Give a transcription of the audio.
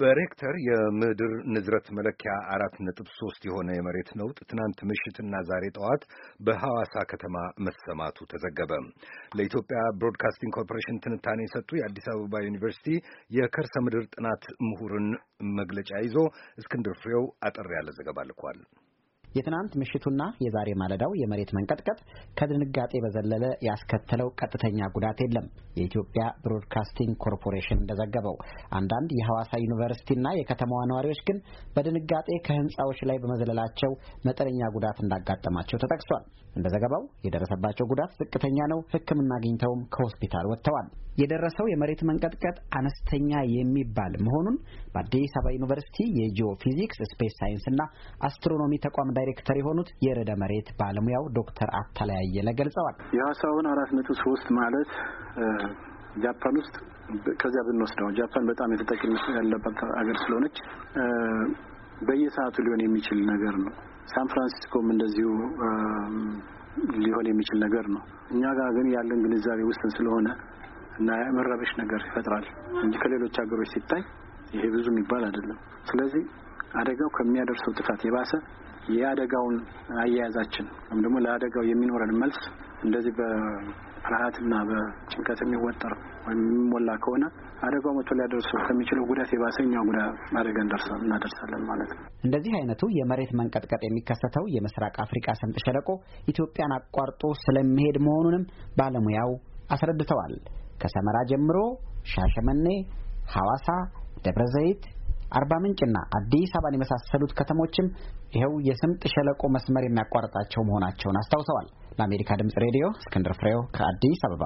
በሬክተር የምድር ንዝረት መለኪያ አራት ነጥብ ሶስት የሆነ የመሬት ነውጥ ትናንት ምሽትና ዛሬ ጠዋት በሐዋሳ ከተማ መሰማቱ ተዘገበ። ለኢትዮጵያ ብሮድካስቲንግ ኮርፖሬሽን ትንታኔ የሰጡ የአዲስ አበባ ዩኒቨርሲቲ የከርሰ ምድር ጥናት ምሁርን መግለጫ ይዞ እስክንድር ፍሬው አጠር ያለ ዘገባ ልኳል። የትናንት ምሽቱና የዛሬ ማለዳው የመሬት መንቀጥቀጥ ከድንጋጤ በዘለለ ያስከተለው ቀጥተኛ ጉዳት የለም። የኢትዮጵያ ብሮድካስቲንግ ኮርፖሬሽን እንደዘገበው አንዳንድ የሐዋሳ ዩኒቨርሲቲና የከተማዋ ነዋሪዎች ግን በድንጋጤ ከህንፃዎች ላይ በመዘለላቸው መጠነኛ ጉዳት እንዳጋጠማቸው ተጠቅሷል። እንደ ዘገባው የደረሰባቸው ጉዳት ዝቅተኛ ነው። ሕክምና አግኝተውም ከሆስፒታል ወጥተዋል። የደረሰው የመሬት መንቀጥቀጥ አነስተኛ የሚባል መሆኑን በአዲስ አበባ ዩኒቨርሲቲ የጂኦ ፊዚክስ ስፔስ ሳይንስ እና አስትሮኖሚ ተቋም ዳይሬክተር የሆኑት የርዕደ መሬት ባለሙያው ዶክተር አታላይ አየለ ገልጸዋል። የሀሳቡን አራት ነጥብ ሶስት ማለት ጃፓን ውስጥ ከዚያ ብንወስደው ጃፓን በጣም የተጠቂነት ያለባት ሀገር ስለሆነች በየሰዓቱ ሊሆን የሚችል ነገር ነው። ሳን ፍራንሲስኮም እንደዚሁ ሊሆን የሚችል ነገር ነው። እኛ ጋር ግን ያለን ግንዛቤ ውስን ስለሆነ እና የመረበሽ ነገር ይፈጥራል እንጂ ከሌሎች ሀገሮች ሲታይ ይሄ ብዙ የሚባል አይደለም። ስለዚህ አደጋው ከሚያደርሰው ጥፋት የባሰ የአደጋውን አያያዛችን ወይም ደግሞ ለአደጋው የሚኖረን መልስ እንደዚህ በፍርሃትና በጭንቀት የሚወጠር ወይም የሚሞላ ከሆነ አደጋው መቶ ሊያደርሰው ከሚችለው ጉዳት የባሰ ጉዳ አደጋ እናደርሳለን ማለት ነው። እንደዚህ አይነቱ የመሬት መንቀጥቀጥ የሚከሰተው የምስራቅ አፍሪካ ስምጥ ሸለቆ ኢትዮጵያን አቋርጦ ስለሚሄድ መሆኑንም ባለሙያው አስረድተዋል። ከሰመራ ጀምሮ ሻሸመኔ፣ ሐዋሳ፣ ደብረ ዘይት፣ አርባ ምንጭና አዲስ አበባን የመሳሰሉት ከተሞችም ይኸው የስምጥ ሸለቆ መስመር የሚያቋርጣቸው መሆናቸውን አስታውሰዋል። ለአሜሪካ ድምፅ ሬዲዮ እስክንድር ፍሬው ከአዲስ አበባ